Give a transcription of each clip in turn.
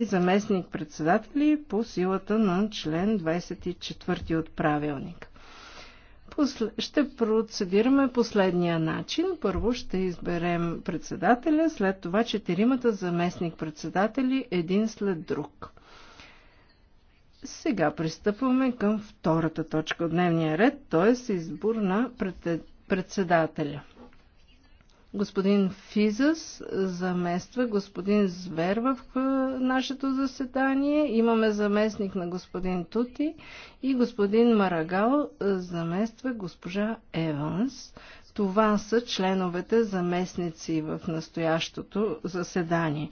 заместник-председатели по силата на член 24 от правилник. Ще процедираме последния начин. Първо ще изберем председателя, след това четиримата заместник-председатели един след друг. Сега пристъпваме към втората точка от дневния ред, т.е. избор на председателя. Господин Физас замества господин Звер в нашето заседание. Имаме заместник на господин Тути и господин Марагал замества госпожа Еванс. Това са членовете заместници в настоящото заседание.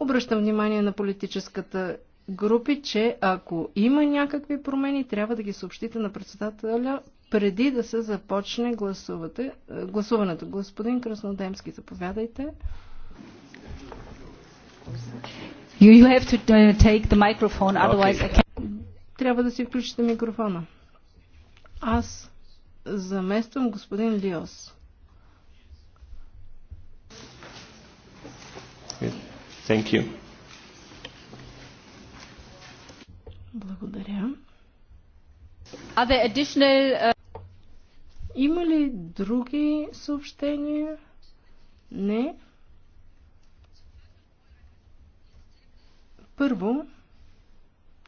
Обръщам внимание на политическата групи, че ако има някакви промени, трябва да ги съобщите на председателя преди да се започне гласувате, е, гласуването. Господин Краснодемски, заповядайте. You, you have to uh, take the microphone, otherwise okay. I can... Трябва да си включите микрофона. Аз замествам господин Лиос. Thank you. Благодаря. Are there additional, uh... Други съобщения? Не. Първо,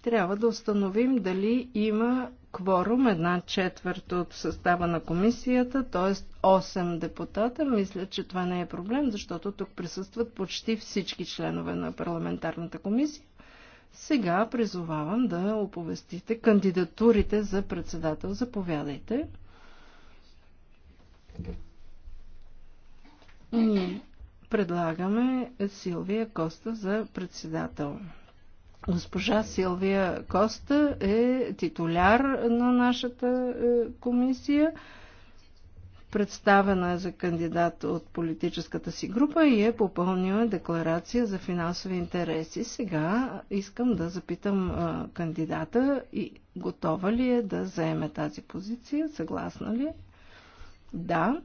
трябва да установим дали има кворум, една четвърта от състава на комисията, т.е. 8 депутата. Мисля, че това не е проблем, защото тук присъстват почти всички членове на парламентарната комисия. Сега призовавам да оповестите кандидатурите за председател. Заповядайте. Ние предлагаме Силвия Коста за председател. Госпожа Силвия Коста е титуляр на нашата е, комисия. Представена е за кандидат от политическата си група и е попълнила декларация за финансови интереси. Сега искам да запитам е, кандидата и готова ли е да заеме тази позиция, съгласна ли е? Да.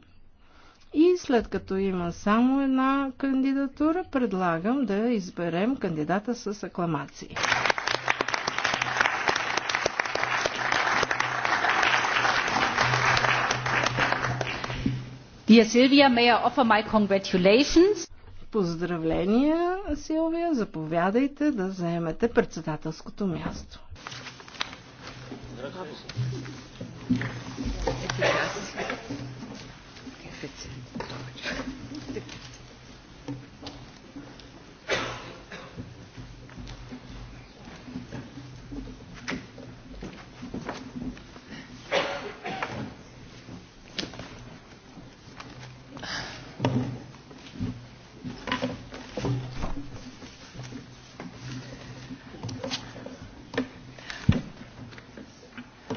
И след като има само една кандидатура, предлагам да изберем кандидата с акламации. Dear Silvia, may I offer my congratulations? Поздравления, Силвия, заповядайте да заемете председателското място. Здравейте.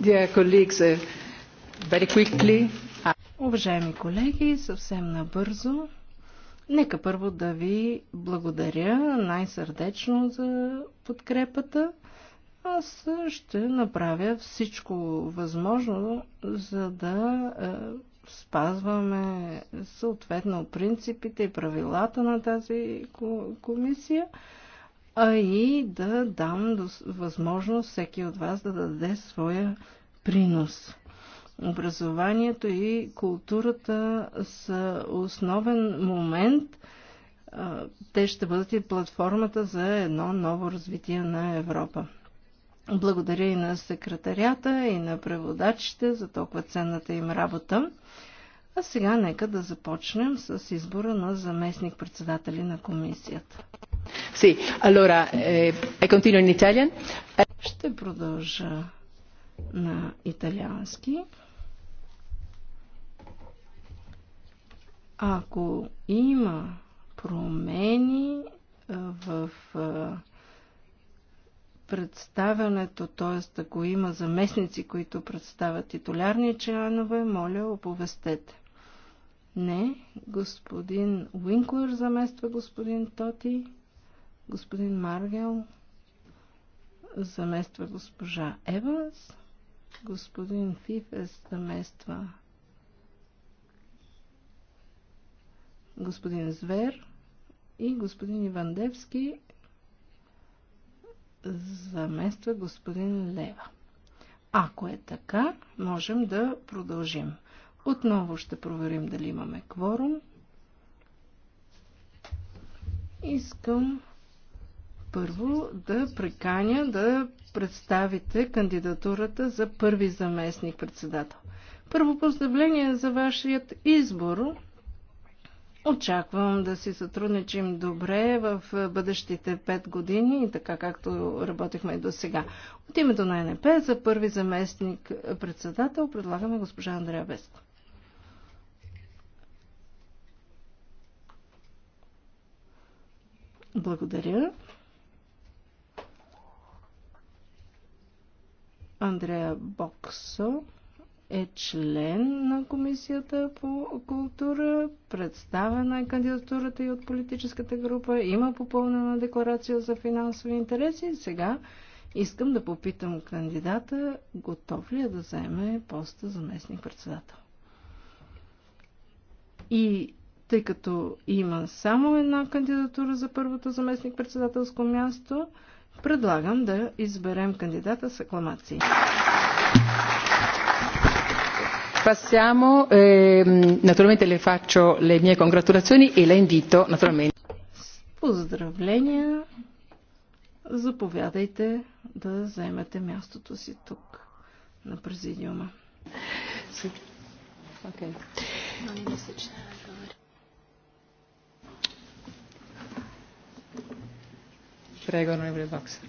Dear colleagues, uh very quickly, Уважаеми колеги, съвсем набързо, нека първо да ви благодаря най-сърдечно за подкрепата. Аз ще направя всичко възможно, за да е, спазваме съответно принципите и правилата на тази комисия, а и да дам възможност всеки от вас да даде своя принос. Образованието и културата са основен момент. Те ще бъдат и платформата за едно ново развитие на Европа. Благодаря и на секретарята, и на преводачите за толкова ценната им работа. А сега нека да започнем с избора на заместник-председатели на комисията. Sì, allora eh, continuo in Ще продължа на италиански. Ако има промени в представянето, т.е. ако има заместници, които представят титулярни членове, моля, оповестете. Не, господин Уинклер замества господин Тоти, господин Маргел замества госпожа Еванс, господин Фифес замества господин Звер и господин Ивандевски замества господин Лева. Ако е така, можем да продължим. Отново ще проверим дали имаме кворум. Искам първо да преканя да представите кандидатурата за първи заместник председател. Първо поздравление за вашият избор Очаквам да си сътрудничим добре в бъдещите 5 години, така както работихме и до сега. От името на НП за първи заместник председател предлагаме госпожа Андрея Веско. Благодаря. Андрея Боксо е член на Комисията по култура, представена е кандидатурата и от политическата група, има попълнена декларация за финансови интереси. Сега искам да попитам кандидата, готов ли е да заеме поста заместник председател. И тъй като има само една кандидатура за първото заместник председателско място, предлагам да изберем кандидата с акламации. Passiamo, ehm, naturalmente le faccio le mie congratulazioni e la invito naturalmente. Поздравления! Заповядайте да вземете мястото си тук на президиума. Okay. Prego, onorevole Baxter.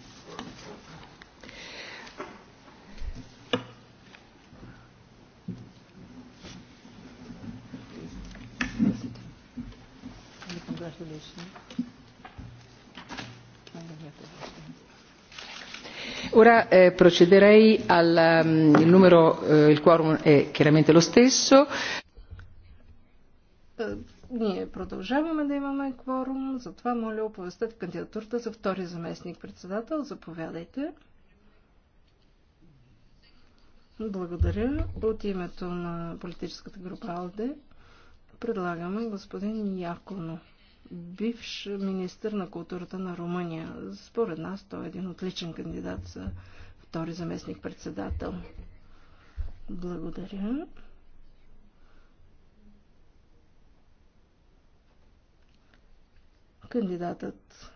Ora eh, procederei al um, il numero, eh, il quorum è chiaramente lo stesso. Е, ние продължаваме да имаме кворум, затова моля оповестете кандидатурата за втори заместник председател. Заповядайте. Благодаря. От името на политическата група АЛДЕ предлагаме господин Яконо бивш министр на културата на Румъния. Според нас той е един отличен кандидат за втори заместник председател. Благодаря. Кандидатът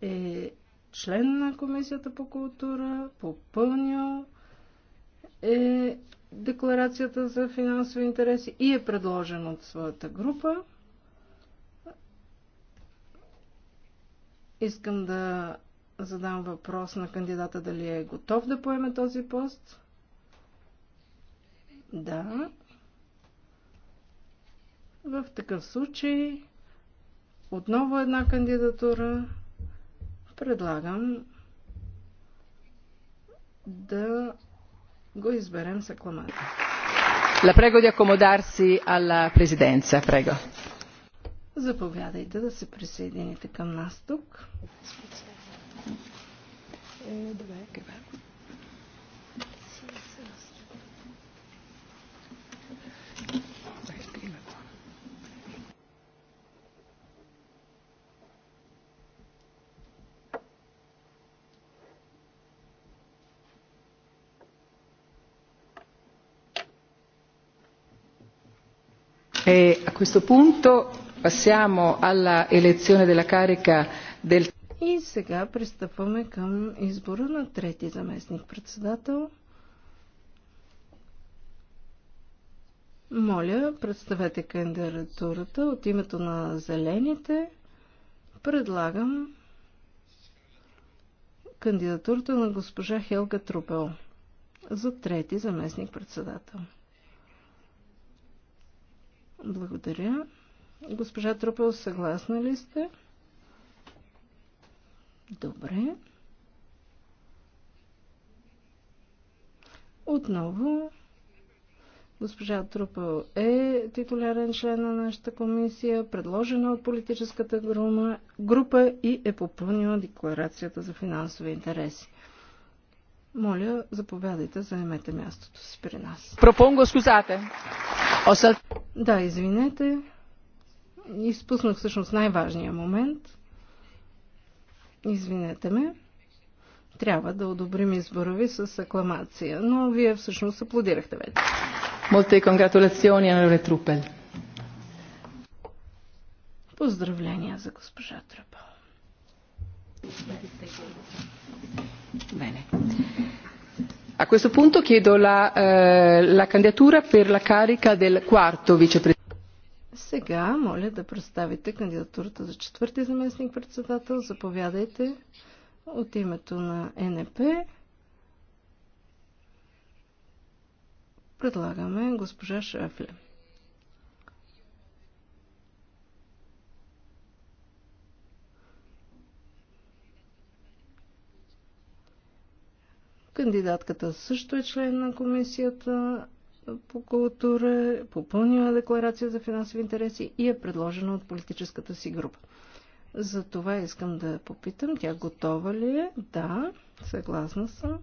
е член на Комисията по култура, попълнил е декларацията за финансови интереси и е предложен от своята група. Искам да задам въпрос на кандидата дали е готов да поеме този пост. Да. В такъв случай отново една кандидатура предлагам да го изберем с акламация. La prego di accomodarsi alla presidenza, prego. Заповядайте да се присъедините към нас тук. Е, добре, къде? E a questo punto passiamo alla elezione della carica del... И сега пристъпваме към избора на трети заместник председател. Моля, представете кандидатурата от името на зелените. Предлагам кандидатурата на госпожа Хелга Трупел за трети заместник председател. Благодаря. Госпожа Трупел, съгласна ли сте? Добре. Отново, госпожа Трупел е титулярен член на нашата комисия, предложена от политическата група и е попълнила декларацията за финансови интереси. Моля, заповядайте, заемете мястото си при нас. Пропонго, скузате. Да, извинете. Изпуснах всъщност най-важния момент. Извинете ме. Трябва да одобрим избора ви с акламация, но вие всъщност аплодирахте вече. Молте конгратуляциони, Анеле Трупел. Поздравления за госпожа Трупел. Bene. A questo punto chiedo la, eh, la candidatura per la carica del quarto vicepresidente. Сега моля да представите кандидатурата за четвърти заместник председател. Заповядайте от името на НП. Предлагаме госпожа Шефле. Кандидатката също е член на комисията по култура, попълнила декларация за финансови интереси и е предложена от политическата си група. За това искам да попитам, тя готова ли е? Да, съгласна съм.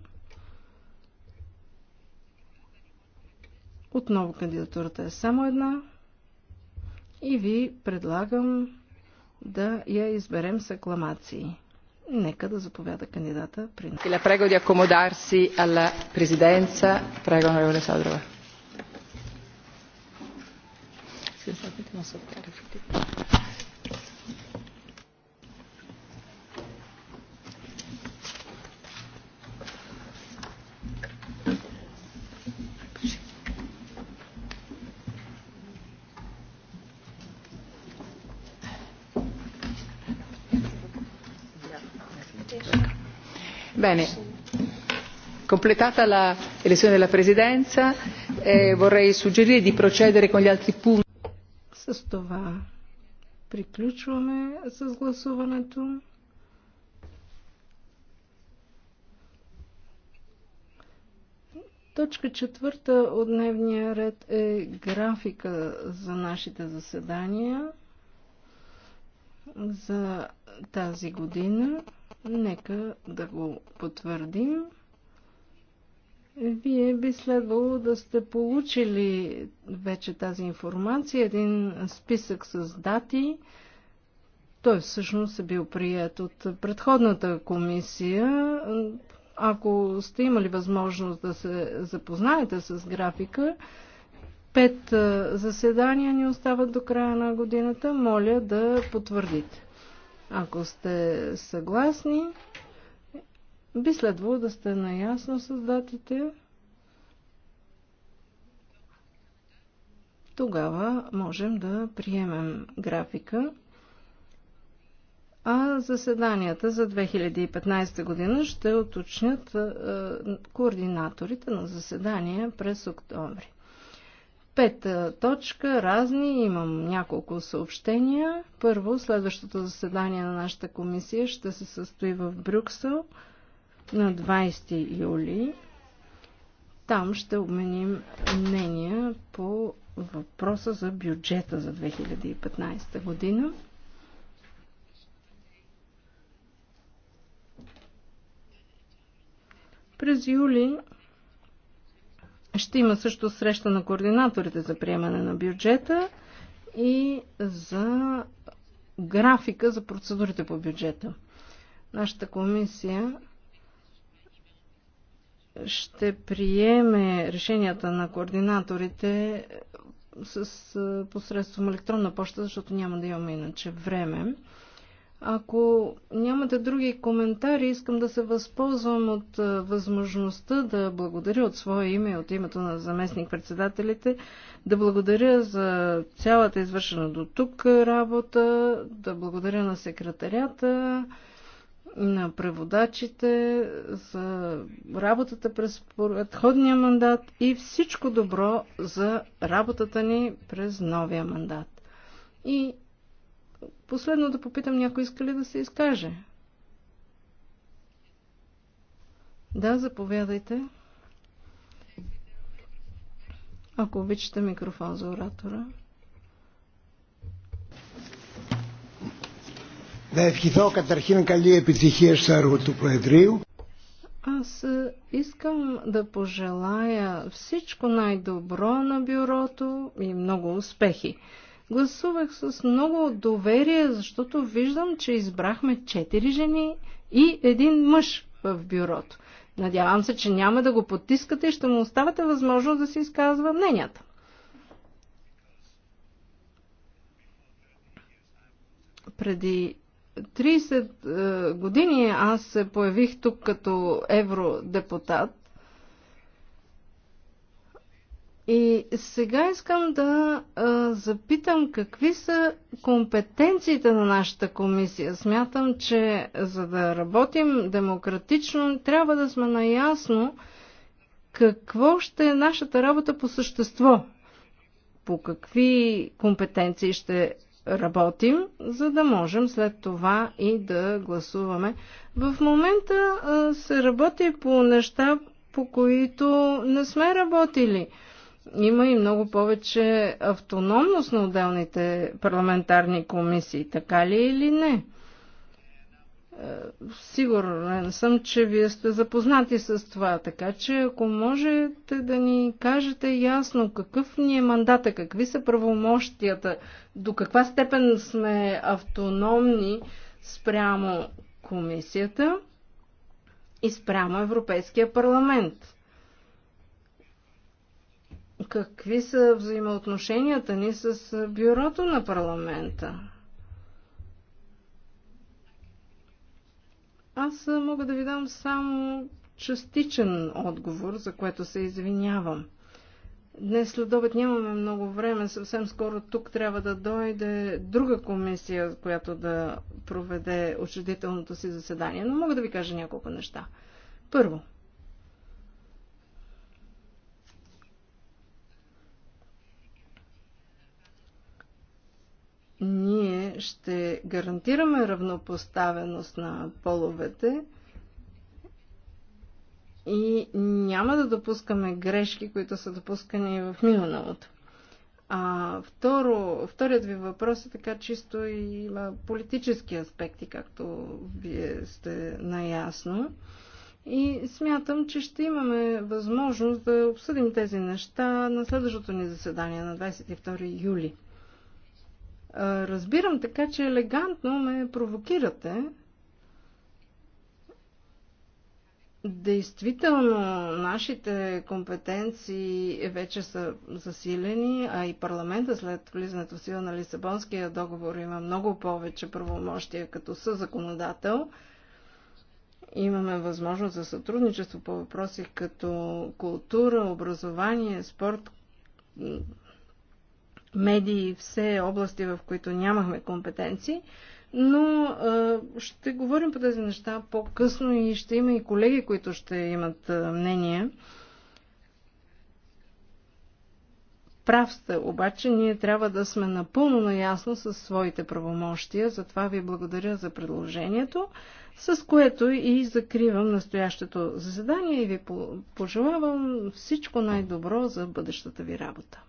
Отново кандидатурата е само една и ви предлагам да я изберем с акламации. Нека да заповяда кандидата при нас. La prego di accomodarsi alla presidenza. Prego, onorevole Садрова. Bene. Completata l'elezione della Presidenza, eh, vorrei suggerire di procedere con gli altri punti. С това приключваме с гласуването. Точка четвърта от дневния ред е графика за нашите заседания за тази година. Нека да го потвърдим. Вие би следвало да сте получили вече тази информация, един списък с дати. Той всъщност е бил прият от предходната комисия. Ако сте имали възможност да се запознаете с графика, Пет заседания ни остават до края на годината. Моля да потвърдите. Ако сте съгласни, би следвало да сте наясно с датите. Тогава можем да приемем графика. А заседанията за 2015 година ще уточнят координаторите на заседания през октомври. Пета точка, разни, имам няколко съобщения. Първо, следващото заседание на нашата комисия ще се състои в Брюксел на 20 юли. Там ще обменим мнения по въпроса за бюджета за 2015 година. През юли ще има също среща на координаторите за приемане на бюджета и за графика за процедурите по бюджета. Нашата комисия ще приеме решенията на координаторите с посредством електронна почта, защото няма да имаме иначе време. Ако нямате други коментари, искам да се възползвам от е, възможността да благодаря от свое име и от името на заместник-председателите, да благодаря за цялата извършена до тук работа, да благодаря на секретарята, на преводачите за работата през предходния мандат и всичко добро за работата ни през новия мандат. И Последно да попитам някой иска ли да се изкаже. Да, заповядайте. Ако обичате микрофон за оратора. Да е καταρχήν Катархина Кали στο έργο του Аз е, искам да пожелая всичко най-добро на бюрото и много успехи. Гласувах с много доверие, защото виждам, че избрахме четири жени и един мъж в бюрото. Надявам се, че няма да го потискате и ще му оставате възможност да се изказва мненията. Преди 30 е, години аз се появих тук като евродепутат И сега искам да а, запитам какви са компетенциите на нашата комисия. Смятам, че за да работим демократично, трябва да сме наясно какво ще е нашата работа по същество. По какви компетенции ще работим, за да можем след това и да гласуваме. В момента а, се работи по неща, по които не сме работили има и много повече автономност на отделните парламентарни комисии, така ли или не? Е, Сигурен съм, че вие сте запознати с това, така че ако можете да ни кажете ясно какъв ни е мандата, какви са правомощията, до каква степен сме автономни спрямо комисията и спрямо Европейския парламент какви са взаимоотношенията ни с бюрото на парламента. Аз мога да ви дам само частичен отговор, за което се извинявам. Днес след обед нямаме много време, съвсем скоро тук трябва да дойде друга комисия, която да проведе учредителното си заседание, но мога да ви кажа няколко неща. Първо, ние ще гарантираме равнопоставеност на половете и няма да допускаме грешки, които са допускани в миналото. А второ, вторият ви въпрос е така чисто и има политически аспекти, както вие сте наясно. И смятам, че ще имаме възможност да обсъдим тези неща на следващото ни заседание на 22 юли разбирам, така че елегантно ме провокирате. Действително, нашите компетенции вече са засилени, а и парламента след влизането в сила на Лисабонския договор има много повече правомощия като съзаконодател. Имаме възможност за сътрудничество по въпроси като култура, образование, спорт, медии, все области, в които нямахме компетенции, но а, ще говорим по тези неща по-късно и ще има и колеги, които ще имат а, мнение. Прав сте, обаче ние трябва да сме напълно наясно с своите правомощия, затова ви благодаря за предложението, с което и закривам настоящето заседание и ви пожелавам всичко най-добро за бъдещата ви работа.